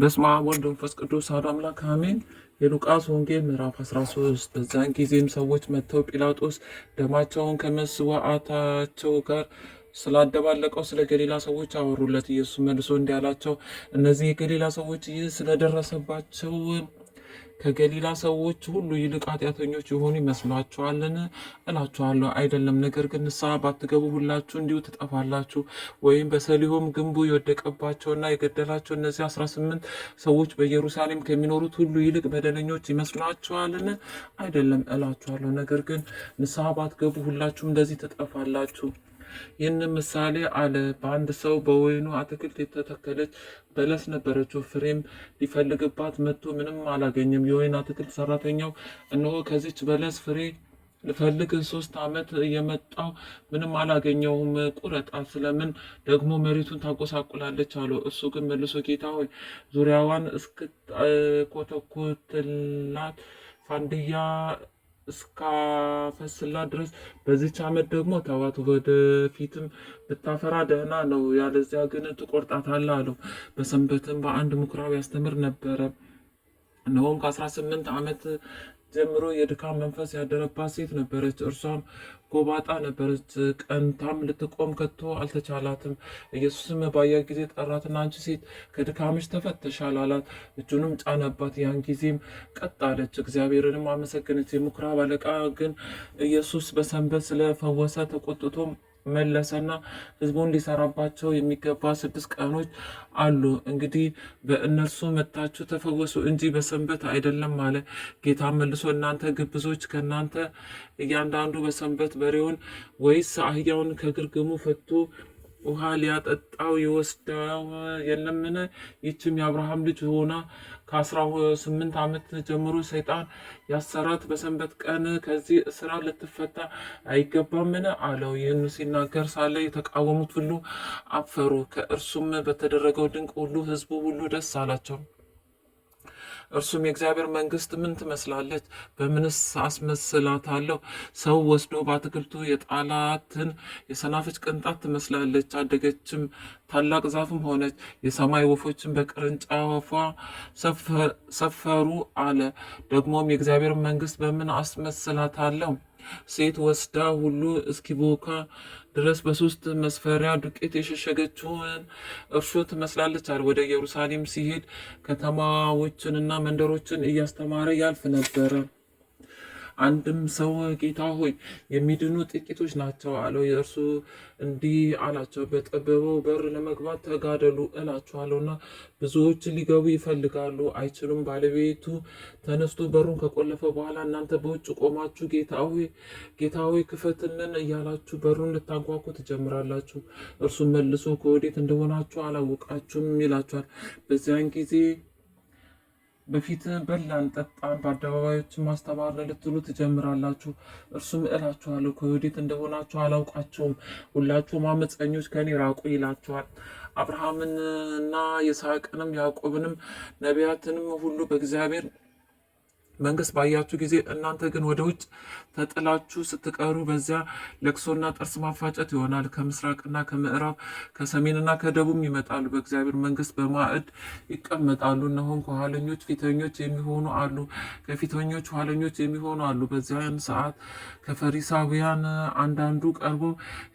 በስመ አብ ወወልድ ወመንፈስ ቅዱስ አሐዱ አምላክ አሜን። የሉቃስ ወንጌል ምዕራፍ 13 በዛን ጊዜም ሰዎች መጥተው ጲላጦስ ደማቸውን ከመስዋዕታቸው ጋር ስላደባለቀው ስለ ገሊላ ሰዎች አወሩለት። ኢየሱስ መልሶ እንዲህ አላቸው፣ እነዚህ የገሊላ ሰዎች ይህ ስለደረሰባቸው ከገሊላ ሰዎች ሁሉ ይልቅ ኃጢአተኞች የሆኑ ይመስሏችኋልን? እላችኋለሁ አይደለም። ነገር ግን ንስሐ ባትገቡ ሁላችሁ እንዲሁ ትጠፋላችሁ። ወይም በሰሊሆም ግንቡ የወደቀባቸውና የገደላቸው እነዚህ አስራ ስምንት ሰዎች በኢየሩሳሌም ከሚኖሩት ሁሉ ይልቅ በደለኞች ይመስሏችኋልን? አይደለም እላችኋለሁ። ነገር ግን ንስሐ ባትገቡ ሁላችሁም እንደዚህ ትጠፋላችሁ። ይህን ምሳሌ አለ። በአንድ ሰው በወይኑ አትክልት የተተከለች በለስ ነበረችው። ፍሬም ሊፈልግባት መጥቶ ምንም አላገኘም። የወይን አትክልት ሰራተኛው እነሆ ከዚች በለስ ፍሬ ልፈልግ ሶስት ዓመት የመጣው ምንም አላገኘውም፣ ቁረጣ ስለምን ደግሞ መሬቱን ታጎሳቁላለች አለው። እሱ ግን መልሶ ጌታ ሆይ ዙሪያዋን እስክኮተኩትላት ፋንድያ እስካፈስላት ድረስ በዚች ዓመት ደግሞ ተዋት፣ ወደፊትም ብታፈራ ደህና ነው፣ ያለዚያ ግን ትቆርጣታለህ አለው። በሰንበትም በአንድ ምኩራብ ያስተምር ነበረ። እነሆም ከ18 ዓመት ጀምሮ የድካም መንፈስ ያደረባት ሴት ነበረች። እርሷም ጎባጣ ነበረች፣ ቀንታም ልትቆም ከቶ አልተቻላትም። ኢየሱስም ባያት ጊዜ ጠራትና አንቺ ሴት ከድካምሽ ተፈተሻል አላት። እጁንም ጫነባት። ያን ጊዜም ቀጥ አለች፣ እግዚአብሔርንም አመሰገነች። የምኩራብ አለቃ ግን ኢየሱስ በሰንበት ስለፈወሰ ተቆጥቶም መለሰና ህዝቡ እንዲሰራባቸው የሚገባ ስድስት ቀኖች አሉ። እንግዲህ በእነርሱ መታችሁ ተፈወሱ እንጂ በሰንበት አይደለም አለ። ጌታ መልሶ እናንተ ግብዞች፣ ከእናንተ እያንዳንዱ በሰንበት በሬውን ወይስ አህያውን ከግርግሙ ፈቱ ውሃ ሊያጠጣው ይወስደው የለምን? ይችም የአብርሃም ልጅ ሆና ከአስራ ስምንት ዓመት ጀምሮ ሰይጣን ያሰራት በሰንበት ቀን ከዚህ እስራ ልትፈታ አይገባምን? አለው። ይህን ሲናገር ሳለ የተቃወሙት ሁሉ አፈሩ። ከእርሱም በተደረገው ድንቅ ሁሉ ህዝቡ ሁሉ ደስ አላቸው። እርሱም የእግዚአብሔር መንግስት ምን ትመስላለች? በምንስ አስመስላታለሁ? ሰው ወስዶ በአትክልቱ የጣላትን የሰናፍጭ ቅንጣት ትመስላለች። አደገችም፣ ታላቅ ዛፍም ሆነች፣ የሰማይ ወፎችን በቅርንጫፏ ሰፈሩ አለ። ደግሞም የእግዚአብሔር መንግስት በምን አስመስላታለሁ ሴት ወስዳ ሁሉ እስኪቦካ ድረስ በሶስት መስፈሪያ ዱቄት የሸሸገችውን እርሾ ትመስላለች አለ። ወደ ኢየሩሳሌም ሲሄድ ከተማዎችንና መንደሮችን እያስተማረ ያልፍ ነበረ። አንድም ሰው ጌታ ሆይ የሚድኑ ጥቂቶች ናቸው አለው። የእርሱ እንዲህ አላቸው፣ በጠበበው በር ለመግባት ተጋደሉ እላችኋለሁና ብዙዎች ሊገቡ ይፈልጋሉ፣ አይችሉም። ባለቤቱ ተነስቶ በሩን ከቆለፈ በኋላ እናንተ በውጭ ቆማችሁ ጌታ ሆይ ጌታ ሆይ ክፈትልን እያላችሁ በሩን ልታንኳኩ ትጀምራላችሁ። እርሱ መልሶ ከወዴት እንደሆናችሁ አላወቃችሁም ይላችኋል። በዚያን ጊዜ በፊት በላን ጠጣን፣ በአደባባዮችን ማስተባረን ልትሉ ትጀምራላችሁ። እርሱም እላችኋለሁ ከወዴት እንደሆናችሁ አላውቃችሁም፣ ሁላችሁም አመፀኞች ከኔ ራቁ ይላችኋል። አብርሃምንና ይስሐቅንም ያዕቆብንም ነቢያትንም ሁሉ በእግዚአብሔር መንግስት ባያችሁ ጊዜ እናንተ ግን ወደ ውጭ ተጥላችሁ ስትቀሩ በዚያ ለቅሶና ጥርስ ማፋጨት ይሆናል። ከምስራቅና ከምዕራብ ከሰሜንና ከደቡብ ይመጣሉ፣ በእግዚአብሔር መንግስት በማዕድ ይቀመጣሉ። እነሆም ከኋለኞች ፊተኞች የሚሆኑ አሉ፣ ከፊተኞች ኋለኞች የሚሆኑ አሉ። በዚያን ሰዓት ከፈሪሳውያን አንዳንዱ ቀርቦ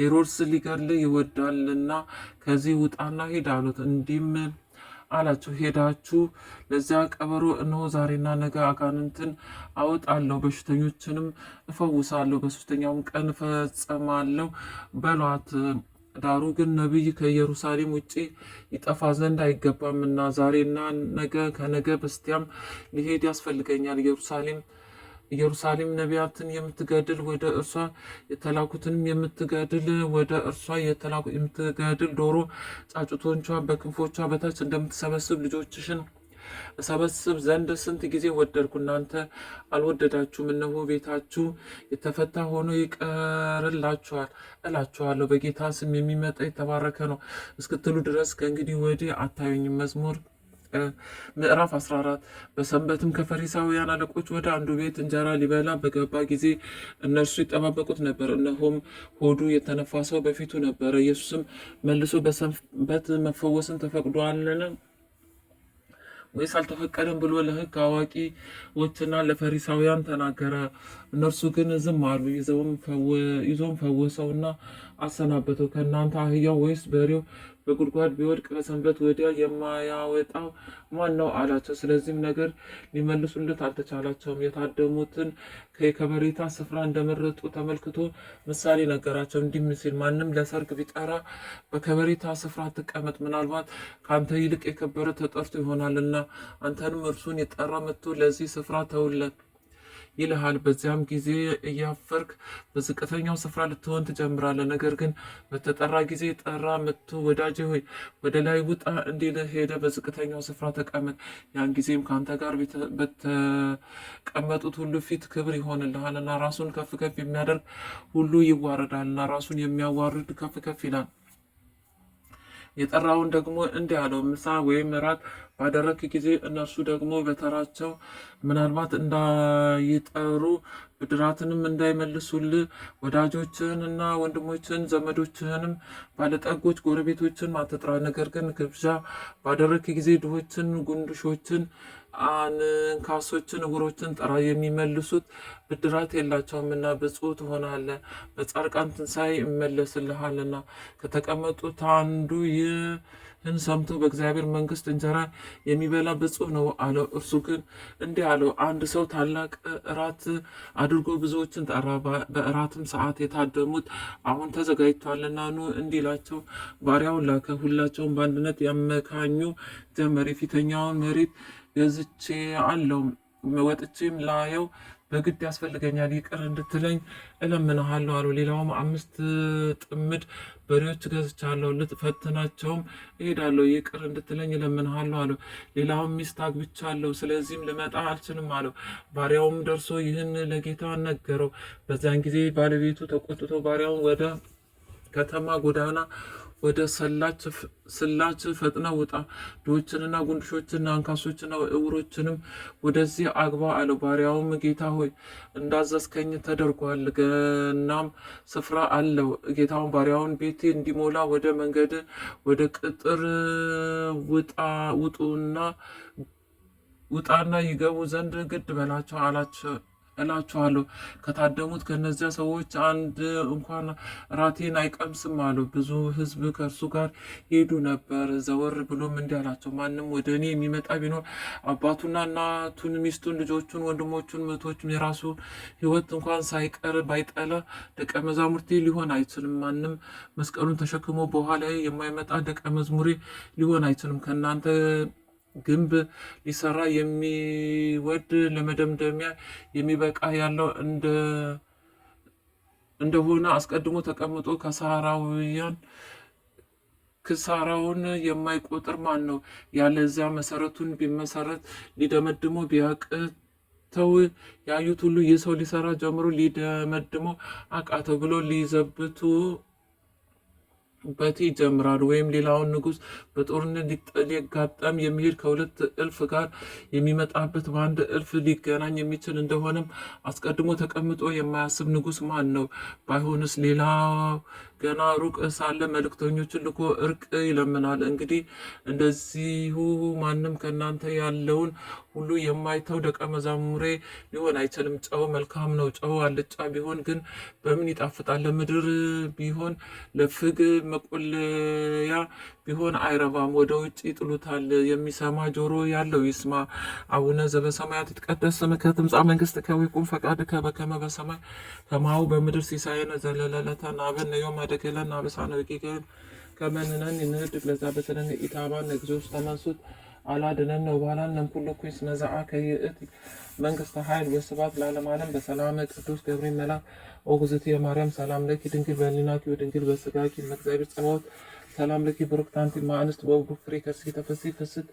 ሄሮድስ ሊገድልህ ይወዳልና ከዚህ ውጣና ሂድ አሉት። እንዲህም አላቸው። ሄዳችሁ ለዚያ ቀበሮ እነሆ ዛሬና ነገ አጋንንትን አወጣለሁ፣ በሽተኞችንም እፈውሳለሁ፣ በሶስተኛውም ቀን እፈጸማለሁ በሏት። ዳሩ ግን ነቢይ ከኢየሩሳሌም ውጭ ይጠፋ ዘንድ አይገባምና ዛሬና ነገ ከነገ በስቲያም ሊሄድ ያስፈልገኛል ኢየሩሳሌም ኢየሩሳሌም ነቢያትን የምትገድል ወደ እርሷ የተላኩትንም የምትገድል ወደ እርሷ የምትገድል ዶሮ ጫጩቶቿ በክንፎቿ በታች እንደምትሰበስብ ልጆችሽን እሰበስብ ዘንድ ስንት ጊዜ ወደድኩ፣ እናንተ አልወደዳችሁም። እነሆ ቤታችሁ የተፈታ ሆኖ ይቀርላችኋል። እላችኋለሁ በጌታ ስም የሚመጣ የተባረከ ነው እስክትሉ ድረስ ከእንግዲህ ወዲህ አታዩኝም። መዝሙር ምዕራፍ 14 በሰንበትም ከፈሪሳውያን አለቆች ወደ አንዱ ቤት እንጀራ ሊበላ በገባ ጊዜ እነርሱ ይጠባበቁት ነበር። እነሆም ሆዱ የተነፋ ሰው በፊቱ ነበረ። ኢየሱስም መልሶ በሰንበት መፈወስን ተፈቅዶአልን ወይስ አልተፈቀደም ብሎ ለሕግ አዋቂዎችና ለፈሪሳውያን ተናገረ። እነርሱ ግን ዝም አሉ። ይዞም ፈወሰውና አሰናበተው። ከእናንተ አህያው ወይስ በሬው በጉድጓድ ቢወድቅ በሰንበት ወዲያ የማያወጣው ማን ነው አላቸው። ስለዚህም ነገር ሊመልሱለት አልተቻላቸውም። የታደሙትን ከበሬታ ስፍራ እንደመረጡ ተመልክቶ ምሳሌ ነገራቸው እንዲህ ሲል ማንም ለሰርግ ቢጠራ በከበሬታ ስፍራ አትቀመጥ፣ ምናልባት ከአንተ ይልቅ የከበረ ተጠርቶ ይሆናልና አንተንም እርሱን የጠራ መጥቶ ለዚህ ስፍራ ተውለት ይልሃል። በዚያም ጊዜ እያፈርክ በዝቅተኛው ስፍራ ልትሆን ትጀምራለህ። ነገር ግን በተጠራ ጊዜ ጠራ መጥቶ ወዳጄ ሆይ ወደ ላይ ውጣ እንዲል ሄደ። በዝቅተኛው ስፍራ ተቀመጥ። ያን ጊዜም ከአንተ ጋር በተቀመጡት ሁሉ ፊት ክብር እና ራሱን ከፍ ከፍ የሚያደርግ ሁሉ እና ራሱን የሚያዋርድ ከፍ ከፍ ይላል። የጠራውን ደግሞ እንዲህ ያለው ምሳ ወይም ራት ባደረክ ጊዜ እነሱ ደግሞ በተራቸው ምናልባት እንዳይጠሩ ብድራትንም እንዳይመልሱልህ እና ወንድሞችህን ዘመዶችህንም ባለጠጎች ጎረቤቶችን አትጥራ። ነገር ግን ግብዣ ባደረክ ጊዜ ድሆችን፣ ጉንድሾችን አንካሶችን እውሮችን ጠራ የሚመልሱት ብድራት የላቸውምና ብፁዕ ትሆናለህ። በጻድቃን ትንሣኤ እመለስልሃልና። ከተቀመጡት አንዱ ይህን ሰምቶ በእግዚአብሔር መንግሥት እንጀራ የሚበላ ብፁዕ ነው አለው። እርሱ ግን እንዲህ አለው፣ አንድ ሰው ታላቅ እራት አድርጎ ብዙዎችን ጠራ። በእራትም ሰዓት የታደሙት አሁን ተዘጋጅቷልና ኑ እንዲላቸው ባሪያውን ላከ። ሁላቸውም በአንድነት ያመካኙ ጀመር። የፊተኛውን መሬት ገዝቼ አለው ወጥቼም ላየው በግድ ያስፈልገኛል ይቅር እንድትለኝ እለምንሃለሁ አሉ። ሌላውም አምስት ጥምድ በሬዎች ገዝቻለሁ ልፈትናቸውም እሄዳለሁ ይቅር እንድትለኝ እለምንሃለሁ አሉ። ሌላውም ሚስት አግብቻለሁ ስለዚህም ልመጣ አልችልም አለው። ባሪያውም ደርሶ ይህን ለጌታ ነገረው። በዚያን ጊዜ ባለቤቱ ተቆጥቶ ባሪያውን ወደ ከተማ ጎዳና ወደ ስላች ፈጥነ ውጣ፣ ድሆችንና ጉንድሾችንና አንካሶችና እውሮችንም ወደዚህ አግባ አለው። ባሪያውም ጌታ ሆይ እንዳዘዝከኝ ተደርጓል፣ ገናም ስፍራ አለው። ጌታውን ባሪያውን ቤት እንዲሞላ ወደ መንገድ ወደ ቅጥር ውጣ ውጡና ውጣና ይገቡ ዘንድ ግድ በላቸው አላቸው። እላችኋለሁ ከታደሙት ከነዚያ ሰዎች አንድ እንኳን ራቴን አይቀምስም አሉ። ብዙ ሕዝብ ከእርሱ ጋር ሄዱ ነበር። ዘወር ብሎም እንዲህ አላቸው፣ ማንም ወደ እኔ የሚመጣ ቢኖር አባቱና እናቱን፣ ሚስቱን፣ ልጆቹን፣ ወንድሞቹን፣ እህቶቹን የራሱ ሕይወት እንኳን ሳይቀር ባይጠላ ደቀ መዛሙርቴ ሊሆን አይችልም። ማንም መስቀሉን ተሸክሞ በኋላ የማይመጣ ደቀ መዝሙሬ ሊሆን አይችልም። ከእናንተ ግንብ ሊሰራ የሚወድ ለመደምደሚያ የሚበቃ ያለው እንደሆነ አስቀድሞ ተቀምጦ ከሳራውያን ክሳራውን የማይቆጥር ማን ነው? ያለዚያ መሰረቱን ቢመሰረት ሊደመድሞ ቢያቅተው ያዩት ሁሉ ይህ ሰው ሊሰራ ጀምሮ ሊደመድሞ አቃተው ብሎ ሊዘብቱ በቲ ይጀምራል ወይም ሌላውን ንጉስ በጦርነት ሊጋጠም የሚሄድ ከሁለት እልፍ ጋር የሚመጣበት በአንድ እልፍ ሊገናኝ የሚችል እንደሆነም አስቀድሞ ተቀምጦ የማያስብ ንጉስ ማን ነው? ባይሆንስ ሌላው ገና ሩቅ ሳለ መልእክተኞችን ልኮ እርቅ ይለምናል። እንግዲህ እንደዚሁ ማንም ከእናንተ ያለውን ሁሉ የማይተው ደቀ መዛሙሬ ሊሆን አይችልም። ጨው መልካም ነው። ጨው አልጫ ቢሆን ግን በምን ይጣፍጣል? ለምድር ቢሆን ለፍግ መቆለያ ቢሆን አይረባም፣ ወደ ውጭ ይጥሉታል። የሚሰማ ጆሮ ያለው ይስማ። አቡነ ዘበሰማያት ይትቀደስ ስምከ ትምጻእ መንግስትከ ወይቁም ፈቃድከ በከመ በሰማይ ከማሁ በምድር ሲሳየነ ዘለለዕለትነ ሀበነ ዮም ተደገለና አበሳነ በቂቀን ከመንነን ንህድ ለዛ በሰለነ ኢታባ ለጊዜዎች ተመሱት አላድነን ነው ባህላን ለምኩሉ ኩስ ነዛአ ከይእት መንግስተ ኃይል ወስባት ለዓለም ዓለም በሰላም ቅዱስ ገብርኤል መላክ ኦግዝት የማርያም ሰላም ለኪ ድንግል በሊናኪ ድንግል በስጋኪ መግዚአብሔር ጸባኦት ሰላም ለኪ ብሩክት አንቲ እምአንስት በውእቱ ፍሬ ከርሥኪ ተፈሥሒ ፍስሕት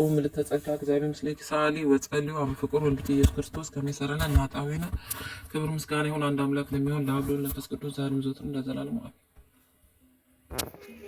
ኦ ምልዕተ ጸጋ እግዚአብሔር ምስሌኪ ሰአሊ ወጸልዩ አብ ፍቁር ወልድኪ ኢየሱስ ክርስቶስ ከመይ ሰረነ ናጣዊነ ክብር ምስጋና ይሁን አንድ አምላክ ለሚሆን ለአብ ለወልድ ለመንፈስ ቅዱስ ዛሬም ዘወትርም ለዘላለሙ አሜን።